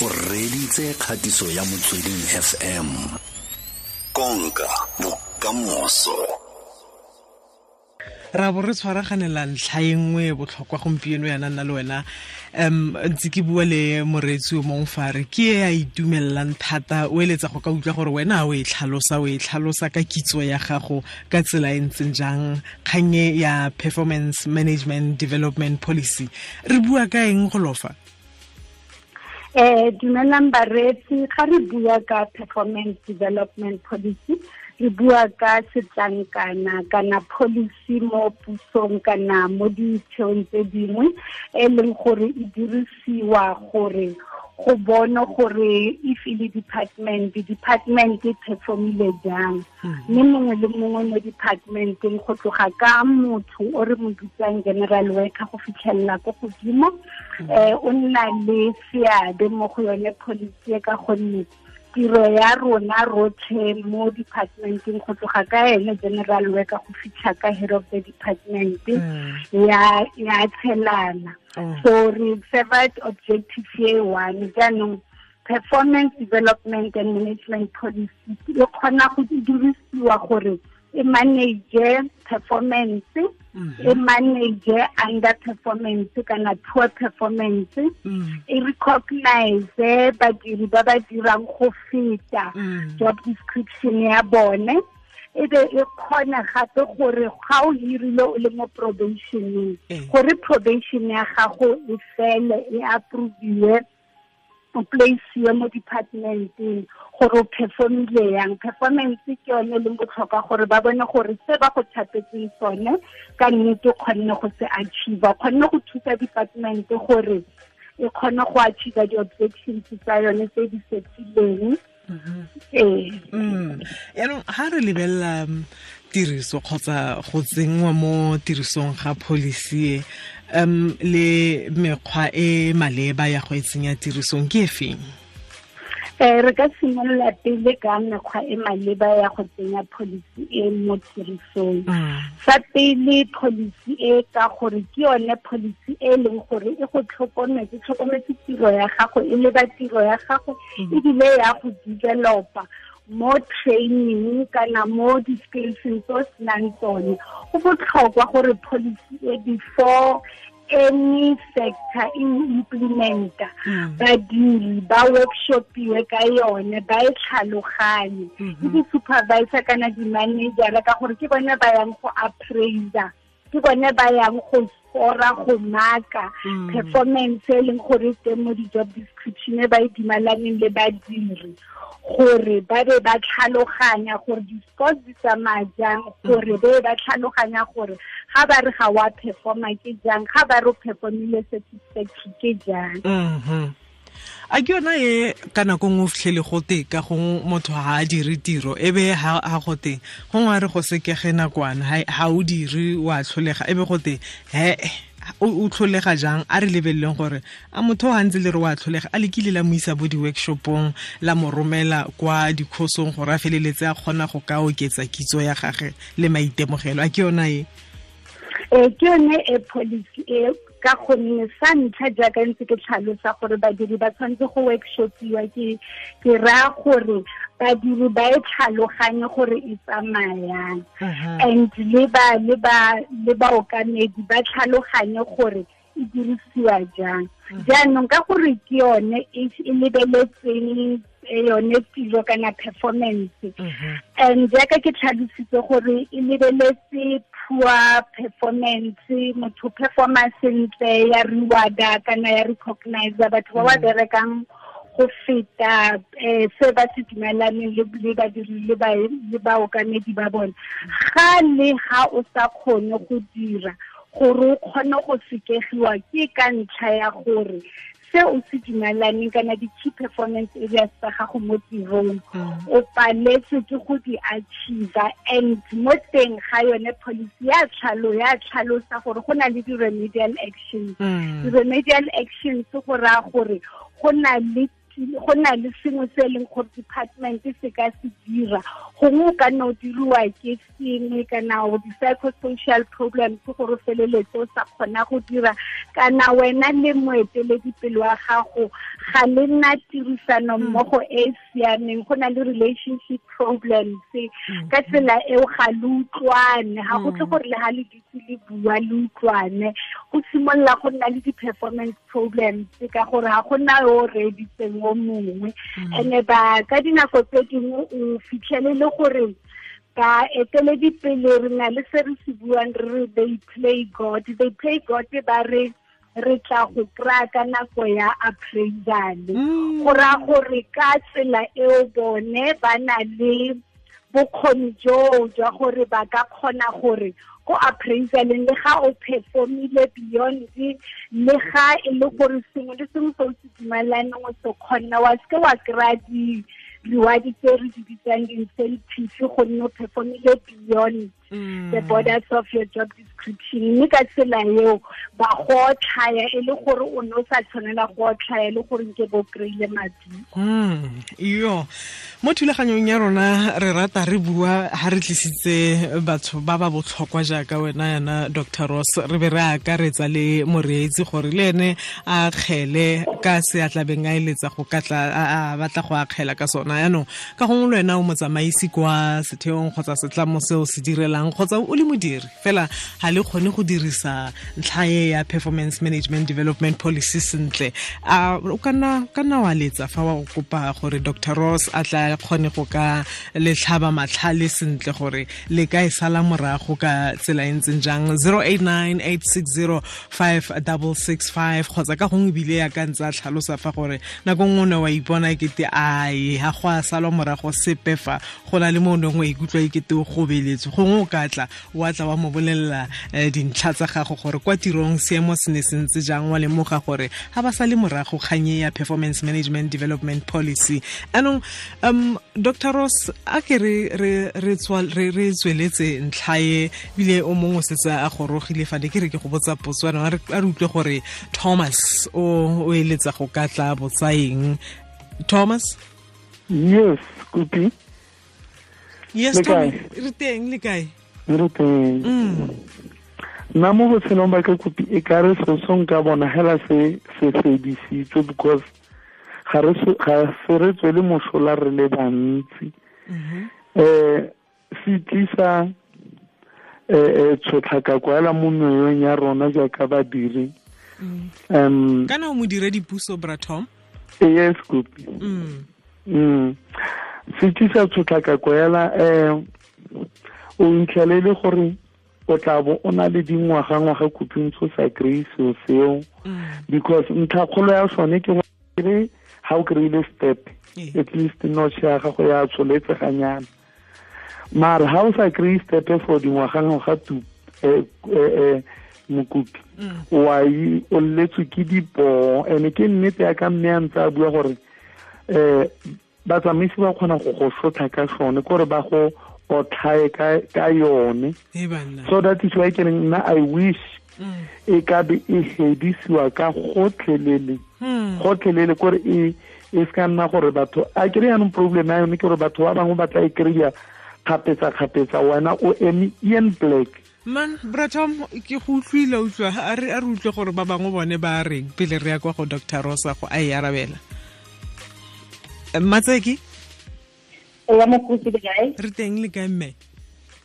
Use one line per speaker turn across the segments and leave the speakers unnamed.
o reditse kgatiso ya motsweding fm konka
bokamoso
ra bo re tshwaraganela ntlha e nngwe botlhokwa gompieno yana nna le wena um ntse ke bua le moreetsi o mong fare ke e a itumelelang thata o eletsa go ka utlwa gore wena o e tlhalosa o e tlhalosa ka kitso ya gago ka tsela e ntseng jang kgang e ya performance management development policy re bua ka eng go lofa
eh dumelang baretsi ga re bua ka performance development policy re bua ka setlankana kana policy mo pusong kana mo ditheong tse dingwe e leng gore e dirisiwa gore go bona gore if le department department e performile jang hmm. mme mongwe le mongwe mo departmenteng go tloga ka motho o re mo bitsang general worker go fitlhelela ko godimo
um
o nna le seabe mo go yone policy e ka gonne tiro ya rona rotlhe mo departmenteng go tloga ka ene general worka go fitlha ka head of the department hmm. ya tshelana oh. so re servid objective ye one jaanong performance development and management policy e kgona go dirisiwa gore mm. e manage performance e mhm. manage under performance kana poor performance mhm. e recognize badiri ba ba dirang go feta mhm. job description ya bone e be e khona gape gore ga o hirile o le mo probationeng gore probation ya gago e fele e approve o placeiwe mo departmenteng gore o performile yang performance ke yone le botlhokwa gore ba bone gore se ba go thapetseng sone ka nnete kgonne go se achieve kgonne go thusa department gore e kgone go achieve di-objections tsa yone tse di setileng mm-hmm. ee
mm. re mm, tiriso kgotsa go tsenngwa mo tirisong ga policy e um le mekgwa e maleba ya go e tsenya tirisong ke e feng
um re ka simolola pele ka mekgwa e maleba ya go tsenya policy e mo tirisong mm. sa pele policy e ka gore ke yone policy e leng gore e go tlhokometse e tlhokometse tiro ya gago e leba tiro ya gago mm. ebile ya go developa mm. mo training kana mo di-skillseng tso senang tsone go botlhokwa gore policy e before any sector e implementa mm. badiri ba workshopiwe ka yone ba e tlhaloganye mm-hmm. ke di-supervisor kana di-managera ka gore ke bone ba yang go appraiser ke bone ba yang go scora go maka mm. performance e leng gore e teng mo di-job description e ba e dumalaneng le badiri gore ba be ba tlhaloganya gore di-sports di tsamaya jang mhm. gore be ba tlhaloganya gore ga ba re ga wa performa ke jang ga ba re o performile satisfaction ke jang
mhm. a ke yona e ka nako ngwe o fitlhele gote ka gong motho ga a dire tiro e be ha gote gongwe a re go sekege nakwana ha o dire wa tlholega e be gote hee o tlholega jang a re lebelleng gore a motho ga ntse le re wa tlholega a lekile la mo isa bo di-workshopong la mo romela kwa dikhosong gore a feleletse a kgona go ka oketsa kitso ya gage le maitemogelo a ke yona e
ee ke yone
e
policy e ka gonne sa ntlha jaaka ntse ke tlhalosa gore badiri ba tshwanetse go workshopiwa ke raya gore badiri ba e tlhaloganye gore e tsamayang and le ba le ba le baokamedi ba tlhaloganye gore e dirisiwa jang jaanong ka gore ke yone e, e lebeletseng e yone tiro kana performance and jaaka ke tlhalositse gore e lebeletse poor performance motho performa sentle ya rewarda kana ya recognize batho ba ba berekang mm -hmm. go feta um se ba se dumelaneng le badiri baokamedi ba bone ga le ga o sa kgone go dira gore o kgone go sekegiwa ke ka ntlha ya gore se o se dumelaneng kana di-key performance areas tsa gago mo tirong mm. o paletse ke go di-achieve and mo teng ga yone policy ya tlhalo ya tlhalosa gore go na le di-remedial actions mm. di-remedial actions go raya gore go na le go na le sengwe se leng gore department se ka se dira gongwe o ka nna o diriwa ke sengwe kana o di-psychosocial problems gore o feleletse o sa kgona go dira kana wena le moeteledipele wa gago ga le nna tirisano hmm. mmogo e e siameng go na le relationship problems hmm. ka tsela eo ga le utlwane ga go tle hmm. gore le ga le ditse le bua le utlwane go simolola go nna le di-performance problems ka gore ga go nna yo o reeditseng go mongwe ene mm. ba ka dinako tse dingwe o fitlhele le gore ba eteledipele re na le se re se buang re they play god they play god ba re re tla go kry-a ka nako ya appraisale mm. go raya gore ka tsela eo bone ba na le bokgoni joo jwa gore ba ka kgona gore ko appraisaleng le ga o performile beyond le ga e le gore sengwe le sengwe se o se dumelelaneng o se kgonna wa seke wa kry-a di-reward tse re di bitsang di-incentive gonne o performile beyond mm. the borders of your job description mme ka tsela eo ba go otlhaya e le gore o ne o sa tshwanela go otlhaya e le gore nke bo kry-ile madiko
mm, yo mo thulaganyong ya rona re rata re bua ha re tlisitse batho ba ba botlhokwa jaaka wena yana dr ross re be re akaretsa le moreetsi gore le ene a kgele ka se a tlabeng a eletsa go katla a batla go akgela ka sona yaanong ka gongwe le wena o motsamaisi kwa setheong kgotsa setlamo seo se direla duelang kgotsa o le modiri fela ga le kgone go dirisa ntlha e ya performance management development policy sentle a o ka nna wa letsa fa wa kopa gore dr ross a tla kgone go ka letlhaba matlhale sentle gore le ka e sala morago ka tsela e ntseng jang 089 860 5665 kgotsa ka gongwe ebile ya ka ntse a tlhalosa fa gore nako nngwe ne wa ipona ekete ae ga go a salwa morago sepe fa go na le mo o neng wa ikutlwa ekete o gobeletse gongwe ka tla wa tla wa mo bolelela eh, dintlha tsa gago gore kwa tirong seemo se ne sentse ntse jang wa lemoga gore ga ba sa le morago kganye ya performance management development policy anong um dr ross a ke re tsweletse ntlha e ebile o mongwe setse a gorogile fane ke re ke go botsa potso anong a re utlwe gore thomas o eletsa go ka tla botsaeng thomas yes kopi yes re teng le kae
e nna mm. mo botshelong ba ke kopi e ka re seo se nka bona hela se se fedisitswe because ga se re tswele mosola re le bantsi um se tlisa eh, eh tshotlhakako hela mo meyong ya rona jaaka badiri um
kana o modiredipuso bratom
yes kopi mm. mm se tlisa tshotlhakako hela um o ntlhele e gore o tla bo o na le dingwaga-ngwaga koping sa kry-e seo seo mm. because kgolo ya sone ke gore ga o kry-ile step eh. at least notch ya gago ya tsholetseganyana mara ga o sa kry-e stepe for dingwaga-ngwaga tu e, e, mokopi mm. wa o lletswe ke dipoo and ke nnete ya ka mme a ntse a bua gore um batsamaisi ba kgona go go sotla ka sone kore ba go o tlhae ka yone so that is why ke reng nna i wish hmm. e ka be e hedisiwa ka gotlhelele hmm. gotlhelele kore e e se ka nna gore batho a kry yaanong problem ya yone ke gore batho ba bangwe ba tla e kry-a kgapetsa-kgapetsa wena o eme ian black
man bratom ke go utlwile utlwa a re utlwe gore ba bangwe bone ba reng pele re ya kwa go dr rosa go a e arabela matseki wa mokusi ga kae re teng le kae mme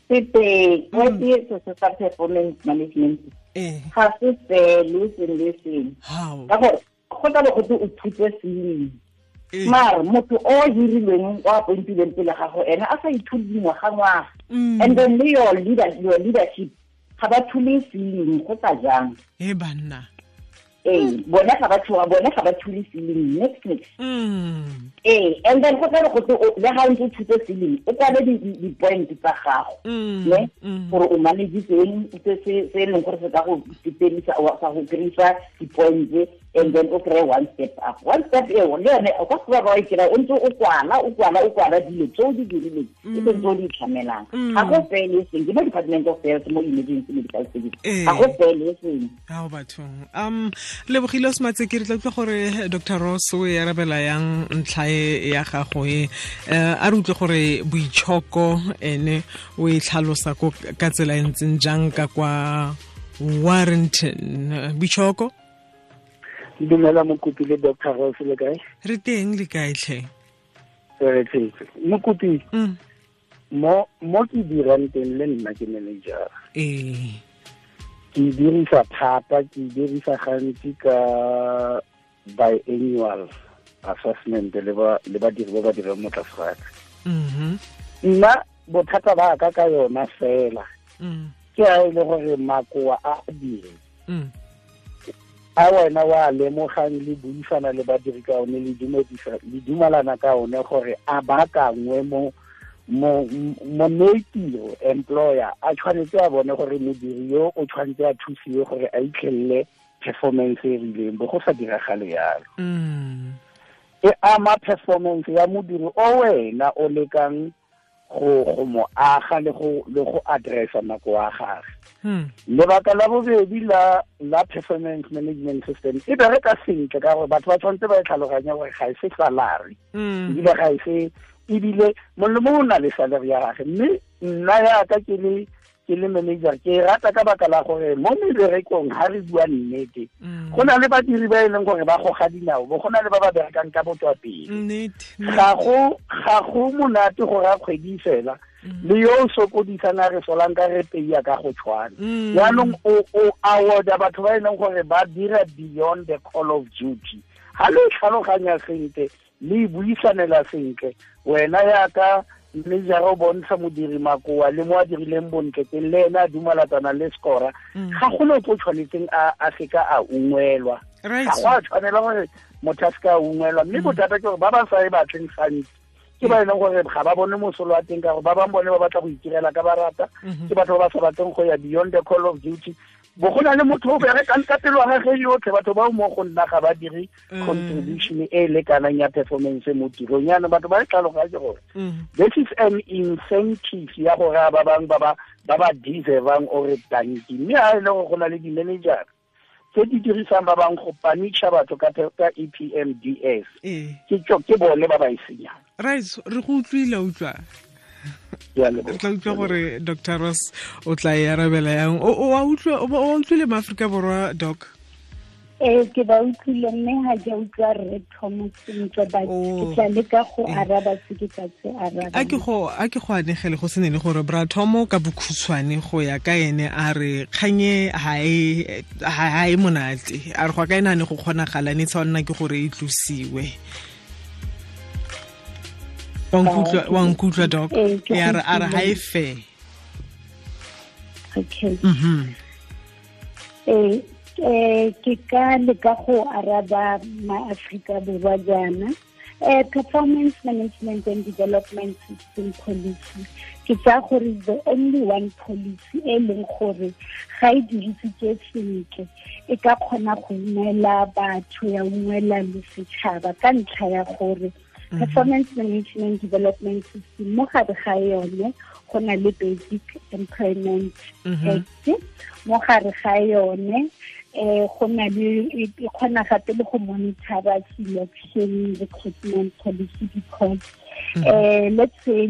se teng wa tsietso sa sa performance management ga
se fele seng le seng ka gore go tla go tse o thutse sengwe mara motho o hirilweng o appointilweng pele gago ene a sa ithule dingwaga ngwaga
and then le your leadership ga ba thule sengwe go tsa jang e banna ee bona ga ba tshoga bona ga ba thule selling next next
mm.
ee and then go tlare gote le ga ntse o thutse selling o kwale di-point
tsa gago
mm, ne
mm. gore o manage seng se e leng gore se ka go wa sa go kry di-pointse and then o kry-e one step up one step eo le yone
kwa se ba ba e o ntse o kwala o kwala o kwala dilo tse di dirileng e se ntse o di itlhamelang
ga mm. go fele e seng ke mo department of health mo emergency medical service ga ee. go fele e seng
ao batho um lebogile o sematse ke re tla utlwa gore eh, dr ross o e arabela yang ntlha e, ya gago e eh, a re utlwe gore boitshoko ene o e tlhalosa ka tsela e ntseng jang ka kwa warrington boitshoko
ke dumela mokopi le doctor house le kae re teng le kae tlhe mokopi mm. mo ke dirang teng le nna ke manager eh ke e dirisa thata ke e dirisa gantsi ka biannual assessment le badiri ba ba dirang mo tlase ga mm-hmm. nna bothata ba ka ka yona fela mm. ke a e le gore makoa a dire mm a wena wa lemogang le buisana le badiri ka one le dumelana ka one gore a baakangwe mo mo neitiro employer a tshwanetse a bone gore modiri yo o tshwanetse a thusiwe gore a itlhelele performance e rileng bo go sa diragale yalo
mm.
e ama performance ya modiri o wena o lekang go go mo aga le go le go addressa nako wa gage Hmm. lebaka la bobedi la la performance management system e bereka sentle ka gore batho ba tshwanetse ba e tlhaloganya gore ga e se salary
hmm. ebile ga
e se ebile mollo mo o na le salary ya gage mme nna yaka ke le ke le manager ke e rata ka baka la gore mo meberekong ga re bua nnete hmm. go na le badiri ba e leng gore ba goga dinao bo go na le ba ba berekang ka botswa pele ga go monate gore a kgwedi fela Mm. le yo o sokodisana re solang ka re peia ka go tshwana jaanong mm. o awarda batho ba e leng gore ba dira beyond the call of duty ga le tlhaloganya sentle le e buisanela sentle wena yaka mejara o bontsha modiri makoa le mo a dirileng bontle teng le ene a dumalatsana le scora
mm. ga go le
tlo tshwanetseng a se ka a ungwelwa ga go a tshwanela gore motho a se ka a ungwelwa mme bothata ke gore ba ba sa e batleng santsi ke ba leng gore ga ba bone mosolo wa teng ka gore ba bang bone ba batla go itirela ka ba rata mhm. ke batho ba ba sa batleng go ya beyond the call of duty bo go na le motho o berekang ka pelo ga ge yotlhe batho ba mo go nna ga ba dire mm. contribution e lekanang ya performance mo tirong yaanong batho ba e ke gore mm. this is an incentive ya gore a ba bangwe ba ba deservang ore tanki mme a e le gore go na le di-managera tse di dirisang ba bang go panisha batho ka e p m d s ee. ke bone ba ba e senyang
right re go utlwile utlwa re tla utlwa gore dr ross o tla e arabela yang wa utlwile maaforika borwa doc
ee ke utlwile mme ga ja utlwa rre thomo sentle but
ke go a ke go anegele go se ne le gore bra thomo ka bokhutshwane go ya ka ene a re kganye ga e, e monate a re go ka ene a ne go tsha o e nna ke gore e tlosiwe wa nkutlwa dok a re ha e fe
mhm. eh, eh, ke ka leka go araba ma Afrika borwa jana eh performance management and development system policy ke tsaya gore the only one policy e leng gore ga e dirisitswe sentle e ka kgona go imela batho ya ungwela le setšhaba ka ntlha ya gore performance management development system mo gare ga yone go na le basic employment act mo gare ga yone um go na le kgona gape le go monitora selection recruitment policy because Mhm. eh let's say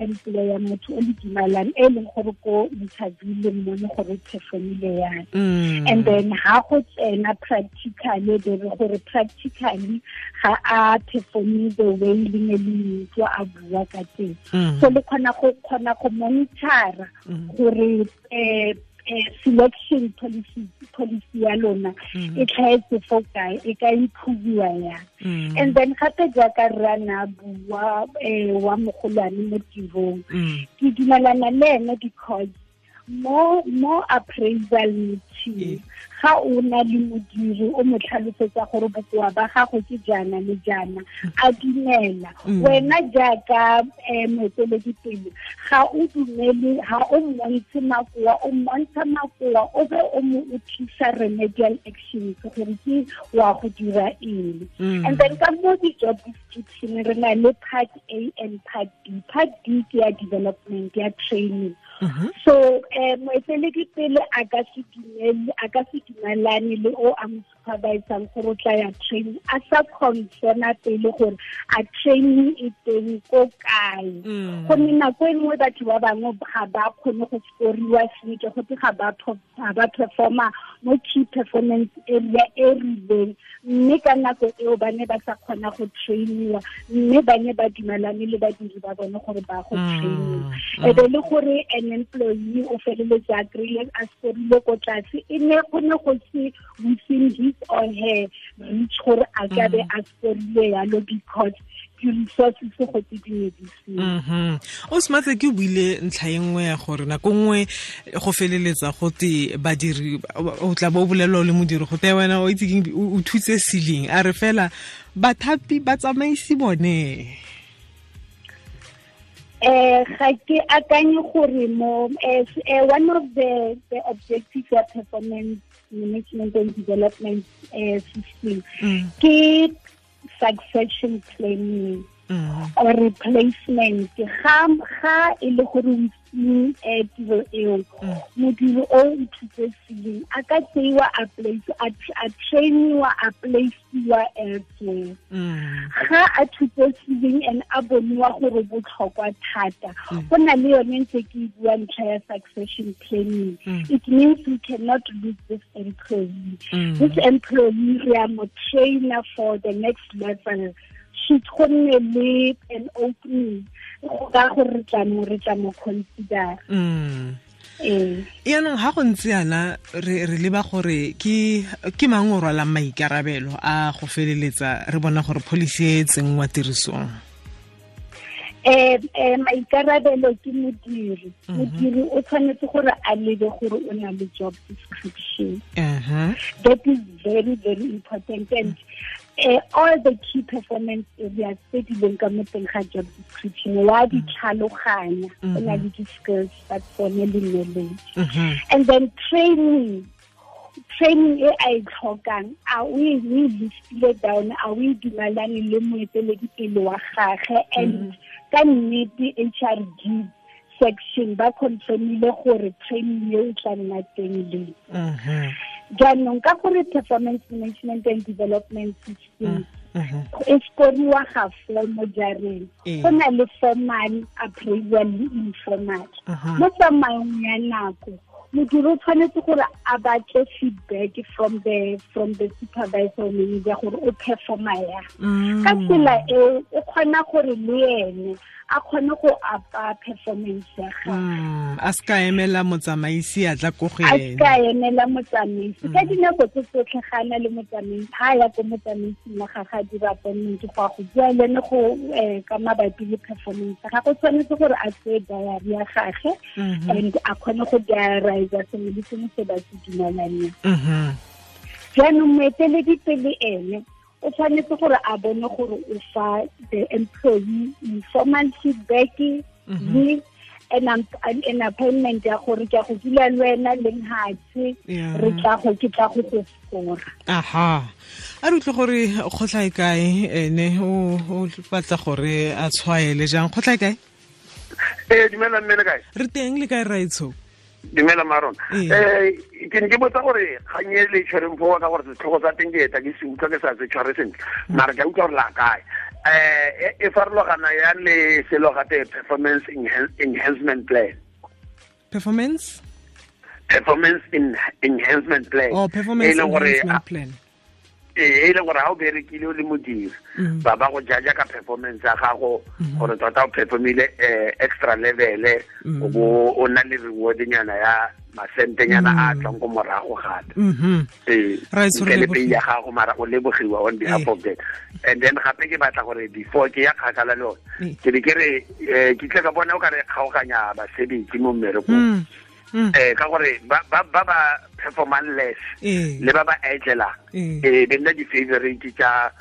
employer eh, eh, eh, motho o le dumelang e leng gore ko interview le mmone gore performile yang
mm. and then
ha go tsena practically be re gore practically ga a perform the way e e le ne le ntse a bua ka teng mm. so le khona go khona go monitora mm. gore eh selection policy policy ya lona mm-hmm. e tlhaetse fo kae e ka improviwa yang mm-hmm. and then gape jaaka rrana bua um eh, wa mogolwane mo tirong mm-hmm. ke dumelana le ene because mo mo appraisal meeting ga o na le modiri o mo tlhalosetsa gore bokoa ba gago ke jana le jana a dumela mm. wena jaaka eh, moeteledipele ga o dumele ga o montshe makoa o montsha makoa o be o mo utlwisa remedial actions gore ke wa go dira
eng mm. and then
ka mo di-job description re na le part a and part b part b ke ya development ya training Mm-hmm. so um eh, moeteledi pele a ka se dumele a ka se dumelane le o a mo supervisang gore o tla ya training a sa confirma pele gore a training e teng ko kae mm. gomme nako e nngwe batho ba bangwe ga ba kgone go skoriwa sentle gote ga ba performa mo key performance area e rileng mme ka nako eo ba ne ba sa kgona go trainiwa mme ba ne ba dumelane le badiri ba bone gore ba go mm, trainiwa mm. Ebe be le gore an employee o feleletse a kry-ile a scorile ko tlase e ne go ne go se within his or her reach gore a ka be a scorile yalo because diresources
mm-hmm. o smatse ke buile ntlha e nngwe ya gore nako nngwe go feleletsa gote badiri o tla bo o bolelelwa o le modiri go te wena o itse o thutse seleng a re fela bathapi ba tsamaisi bone
um ga ke akanye gore mo eh, eh, one of the the objectives ya performance management and development eh system mm. ke succession planning Mm-hmm. replacement ga ga e le gore o itseng eh, tiro eo mm. modiri o o thutse seleng a ka tseiwa a place a trainiwa a placeiwa elsewhere mm. ga a thutse seleng and a boniwa gore botlhokwa thata go mm. na le yone ntse ke bua ntlha ya succession planning it means we cannot lose this employee this employee re a mo trainer for the next level pitch go nne le an opening ka gore re tla mo re tla mo
consider
mm. eh. yaanong ga go ntse yana re leba gore ke mang o rwalang maikarabelo a go feleletsa re bona gore policy e tsengwa tirisong
um maikarabelo ke modiri mhm. modiri o tshwanetse gore a lebe gore o na le job description that is very very important and Eh, all the key performance areas tse di leng ka mo teng ga job description wa mm. di tlhaloganya o na le mm-hmm. di-skills tsa tsone le knowledge mm-hmm. and then training training e a e tlhokang a o e listile down a o e dumelane le moeteledipele wa gagwe and mm-hmm. ka nnete h r g section ba confirmile gore training e o tla nna teng le mhm. jaanong ka gore performance management and development system mhm. e skoriwa ga form mo jareng go na le formal appraisal le informal mhm. mo tsamayong ya nako modiri o tshwanetse gore a batle feedback from the from the supervisor manager gore o performa yang
mm. ka tsela
e e kgona gore le ene a kgone go apa performance ya
gagwe mm, a ska emela motsamaisi a tla go go ena a ska
emela motsamaisi ka mm. dinako tse tsotlhe ga na le motsamaisi ha ya ko motsamaisi na ga ga dira appointment go a go bua le ne go eh, ka mabapi le performance ga go tshwanetse gore a tseye diary ya gagwe mm-hmm. and a kgone go diarize sengwe le sengwe se ba se dumelaneng mm-hmm. jaanong moeteledipele ene o tshwanetse gore a bone gore o fa the employee informal feedback e, mhm. le an appointment ya gore ke a go dula le wena leng hatse re tla go ke
tla go go fora
aha a re utlwe gore kgotla e kae ene o batla gore a tshwaele jang kgotla e kae
ee dumela mme kae
re teng le kae raetsho
dumela maron um ee. eh, ke ne ke botsa gore kgang e le tshwereng foa ka gore setlhogo sa teng ke eta ke se utlwa ke sa se tshware sentle mm. mare ke utlwa gore la kae um e farologana ya le selo gate performance enhancement plan performance performance enhancement plan oh performance e enhancement plan E, e le gore ga o berekile o le modiri mm. ba ba go jaja ka performance ya gago mm. gore tota o performile um extra levele
mm. o
o na le reward ya masentenyana a tswang ko morago gape mm-hmm. e, le pei ya gago mara o lebogiwa on behalf ee. of that and then gape ke batla gore before ke ya kgakala le one ee. ke be ke re ke tle ka bone o ka re kgaoganya basebetsi mo mmerekong um ka gore ba ba ba performance less ee. le ba ba edgelang eh ee. be nna di-favorite tsa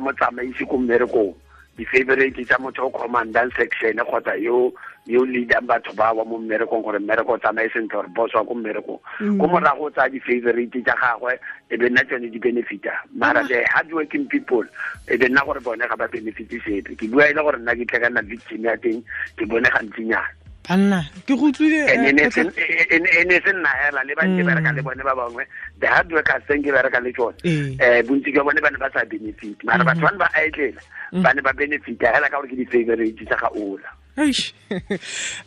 motsamaisi ko mmerekong di-favorite tsa motho o commandant section kgotsa yo yo leadang batho ba wa mo mmerekong gore mmereko o tsamaye sentle gore boswa ko mmerekong ko mm. morago o tsaya di-favorite tsa gagwe e be nna tsone di benefita mara mm. the hard working people e be nna gore bone ga ba benefite sepe ke bua e le gore nna ke tle ka nna victim ya teng ke bone gantsinyana
banna ke go tlile ene se
nna hela le ba ke bereka le mm. bone ba bangwe the hard workers seng ke bereka le tsone ee. eh bontsi jwa bone ba ne ba sa benefit mara mm. batho ba ne ba aetlela mm. ba ne ba benefit hela ka gore ke di-favorite tsa ga ola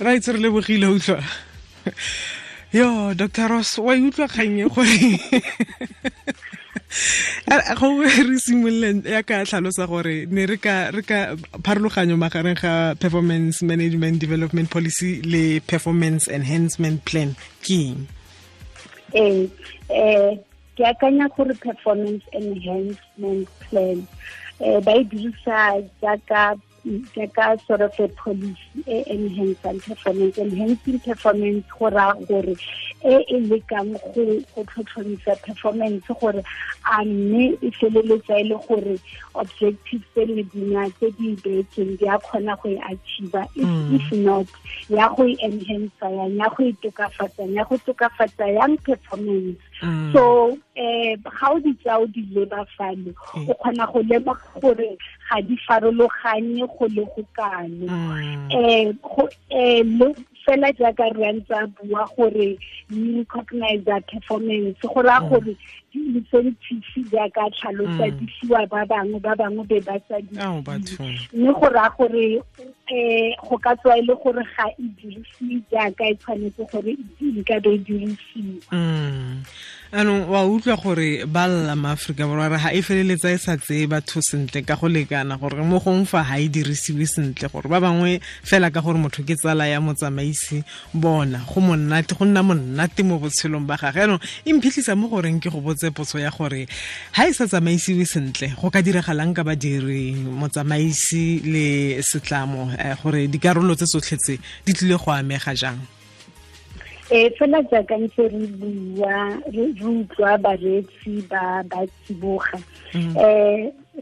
right re lebogile utlwa yo dr ross wa utlwa kgannye gore go re simolola ya ka tlhalosa gore ne re ka re ka pharologanyo magareng ga performance management development policy le performance enhancement plan ke eng
ee,
ee, ke akanya gore performance enhancement plan eh ba e dirisa jaaka jaaka sort of a policy e enhancing performance enhancing performance go raya gore e e lekang go tlhotlhomisa performance gore a mme e feleletsa e le gore objective tse le dinya tse di beetseng di a kgona go e achieva mm. if not ya go e enhancer yang ya go e tokafatsang ya go tokafatsa yang performance Mm. so eh ga o di tsa o di leba fano o kgona go lemoga gore ga di farologanye go le go kano mm. eh go eh fela jaaka re ntse bua gore we recognize performance go raya mm. gore di incentive jaaka tlhalosa mm. di fiwa ba bangwe ba bangwe be ba sa di mme go raya gore um go ka tswa e le gore ga e dirise jaaka e tshwanetse gore e ka be e dirisiwa
mm. anong wa utlwa gore ba lla maaforika borwa re ga e feleletsa e sa tseye batho sentle ka go lekana gore mo gong fa ga e dirisiwe sentle gore ba bangwe fela ka gore motho ke tsala ya motsamaisi bona go monnate go nna monnate mo botshelong ba gage anong e mphitlhisa mo goreng ke go botse potso ya gore ga e sa tsamaisiwe sentle go ka diragalang ka badiri motsamaisi le setlamo um gore dikarolo tse tsotlhetse di tlile go amega jang
e fela jaaka ntse re bua re utlwa bareetsi ba ba tsiboga um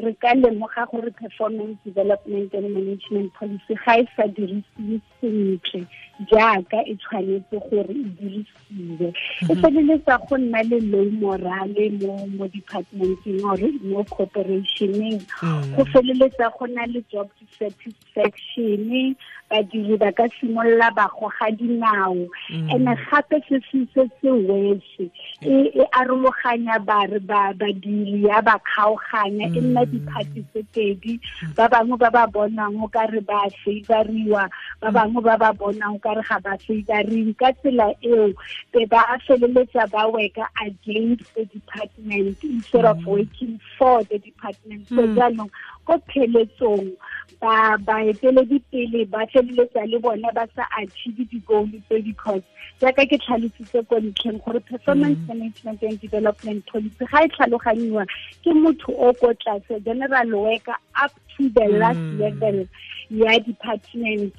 re ka lemoga gore performance development and management policy ga e sa dirisiwe sentle jaaka e tshwanetse gore e dirisiwe e mhm. feleletsa go nna le low morale mo mo departmenteng or mo corporationeng mhm. go feleletsa go na le job satisfaction badiri ba ka simolola ba goga dinao mhm. and gape se se se se wese e, e arologanya badiri ya ba kgaoganya e nna diphati tse pedi ba bangwe ba ba bonang o ka re ba favoriwa ba bangwe ba ba bonang kare ga ba favoring ka tsela eo be ba feleletsa ba worka against the department instead of mm. working for the department so mm. jaanong ko pheletsong ba ba eteledipele ba feleletsa le bone ba sa achieve di-goal tse because jaaka ke tlhalositse ko ntlheng gore performance mm. management and development policy ga e tlhaloganyiwa ke motho o ko tlase general worker up to the last level mm. ya department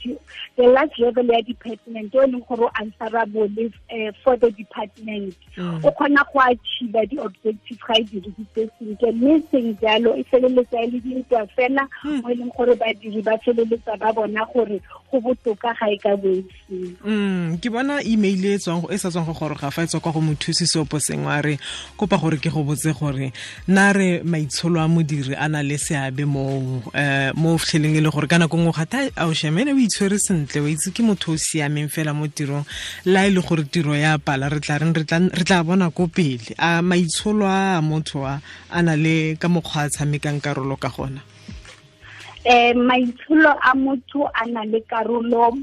the last level ya department o leng gore o answerable eh, for the department mm. o kgona go achieve di-objective ga e dirisitse sentle mme seng jalo e feleletsa e le dintwa fela mm. mo e leng gore badiri ba feleletsa ba bona gore go botoka ga e ka
boesiwe mm ke bona email e e sa tswang go goroga fa e tswa kwa go mothusi seopo sengwe a re kopa gore ke go botse gore na re maitsholo a modiri a na le seabe mo eh, mo fitlheleng e le gore ka nako gata a o shemene o itshwere sentle o itse ke motho o siameng fela mo tirong la e le gore tiro ya pala re tla re tla bona ko pele a maitsholo a motho a a na le ka mokgwa a tshamekang karolo ka gona
um maitsholo a motho a na le karolo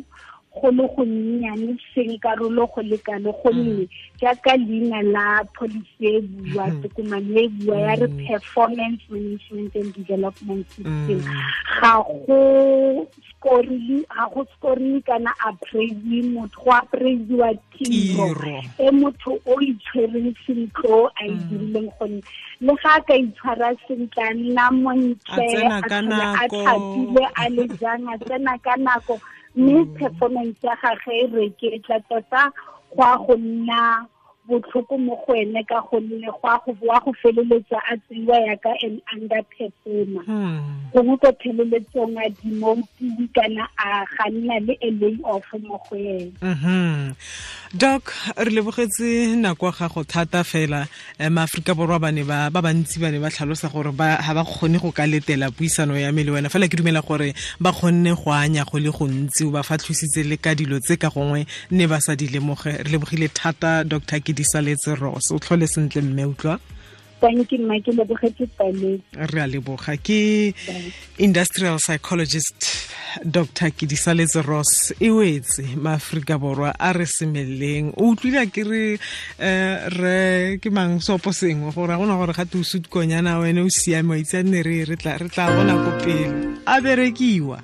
go le go nnyane seng karolo go lekane gonne mm. jaaka leina la policy e bua mm-hmm. tokomane e bua ya re mm-hmm. performance management and development system mm-hmm. ga go scorele ga go scorele kana appraise motho go appraisewa tiro e motho o itshwereng sentlo a e mm. dirileng gonne le ga a ka itshwara sentle a nna montle a tlhapile a le jang a tsena ka nako mme performance ya gage e re ke tla tota go a go nna botlhoko mo go ene ka gonne go a go boa go feleletsa a tseiwa yaka an under persona hmm. gongwe ko pheleletsong a dimompi kana a ga nna le a lay off mo
go ene
hmm. doc re lebogetse nako gago thata fela eh, maaforika borwa ba ne ba bantsi ba ne ba tlhalosa gore ga ba kgone go ka letela puisano ya me le wena fela ke dumela gore ba kgonne go anya go le gontsi o ba fa tlhositse le ka dilo tse ka gongwe ne ba sa di lemoge re lebogile thata dr di saletse ros o tlhole sentle mme utlwa re a leboga ke industrial psychologist dr kedisaletse ross e wetse maaforika borwa a re semeleleng o utlwile ke re eh, re ke mang sopo sengwe gore a gona gore gate o sutkonyana wene o siame wa itse a nne re re tla bona ko pele a berekiwa